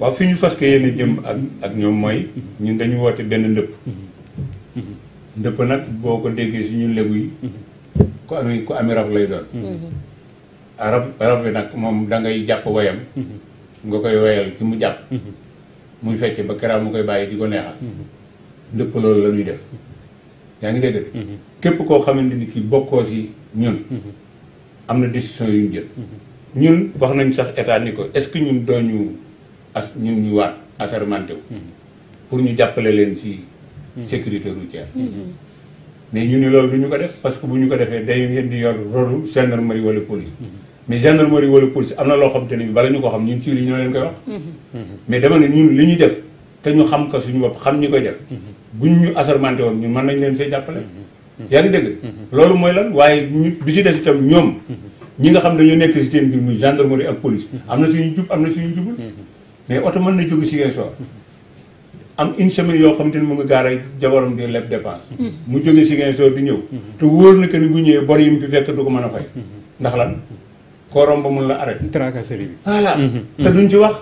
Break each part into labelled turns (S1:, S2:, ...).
S1: waaw fi ñu fas yéene jëm ak ak ñoom mooy ñun dañuy woote benn ndëpp ndëpp nag boo ko déggee si ñu lébu yi ku ami ku ami rab lay doon mm-hmm. rab rab bi nag moom dangay ngay jàpp wayam mm-hmm. nga koy woyal ki mu jàpp mm-hmm. muy fecc ba keraa mu koy bàyyi di ko neexal ndëpp loolu la ñuy def yaa ngi dégg képp koo xamante ni ki bokkoo si ñun am na décision yuñ ñu jël ñun wax nañ sax état ni ko est-ce que ñu dooñu as ñun ñu waat assermenté wu mm-hmm. pour ñu jàppale leen ci mm-hmm. sécurité routière mm-hmm. mais ñu ni loolu du ñu ko def parce que bu ñu ko defee day ngeen di yor rôle gendarmerie wala police mais gendarmerie wala police am na loo xam te ne bi bala ñu ko xam ñun ci li mais dama ne li ñuy def te ñu xam ko suñu bopp xam ñi koy def buñ ñu assermenté woon ñun mën nañ leen see jàppale yaa loolu mooy lan waaye bi si des ñoom ñi nga xam dañoo nekk si seen biir muy gendarmerie ak police am na suñu jub am na suñu jubul mais oto mën na jóge si Ziguinchor am une semaine yoo xam te ne mu ngi gaara jabaram di leb dépense hmm. mu jóge si Ziguinchor di ñëw hmm. te wóor na que ni bu ñëwee bor yi mu fekk du ko mën a fay hmm. ndax la lan koo romb mun la arrêté tracasserie bi voilà te duñ ci wax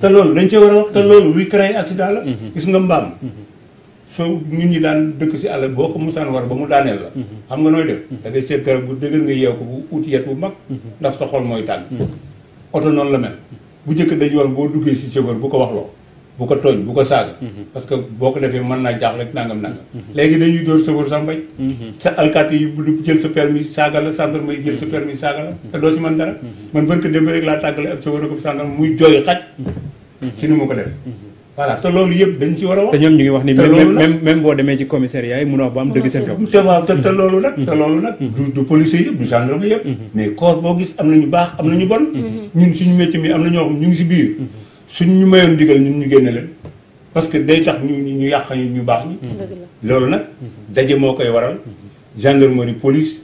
S1: te loolu dañ ci war a wax te loolu luy créer accident gis nga mbaam soo ñun ñi daan dëkk si àll boo ko musaan war ba mu daaneel la xam nga nooy def da ngay seet bu dëgër nga yeew ko bu ut yet bu mag ndax sa xol mooy tàng oto noonu la mel bu njëkk dañu war boo duggee si chauffeur bu ko waxloo bu ko tooñ bu ko saaga mhm. parce que boo ko defee mën naa jaaxle nangam nangam mhm. léegi dañuy dóor chauffeur sax mbéj mhm. sa alkaati yi bu jël sa permis saaga la gendarme yi jël sa permis saaga la te doo si mën dara man barke démb rek laa tàggale ak chauffeur ak gendarme muy jooy xaj si nu mu ko def voilà te loolu yëpp dañ ci war a wax. te ñoom ñu ngi wax ni même même boo demee ci commissariat yi mun a wax ba am dëgg seen kaw. te waaw te loolu nag. te mm-hmm. loolu nag mm-hmm. du du yëpp du gendarme yëpp. Mm-hmm. mais corps boo gis am na ñu baax am na ñu bon. ñun suñu métier mi am na ñu xam ñu ngi si biir. suñ ñu mayoon digal ñun ñu génne leen parce que day tax ñu ñu yàq ñu baax ñi. loolu nag daje moo koy waral gendarmerie police.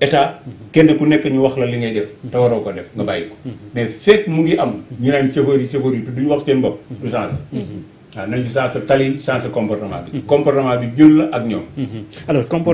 S1: état kenn ku nekk ñu wax la li ngay def te waroo ko def nga bàyyi ko mm-hmm. mais fekk mu ngi am ñu naan ñu yi chauffeur yi duñu wax seen bopp du changé mm-hmm. waaw nañ ci changé tali changé comportement bi mm-hmm. comportement bi jël ak ñoom alors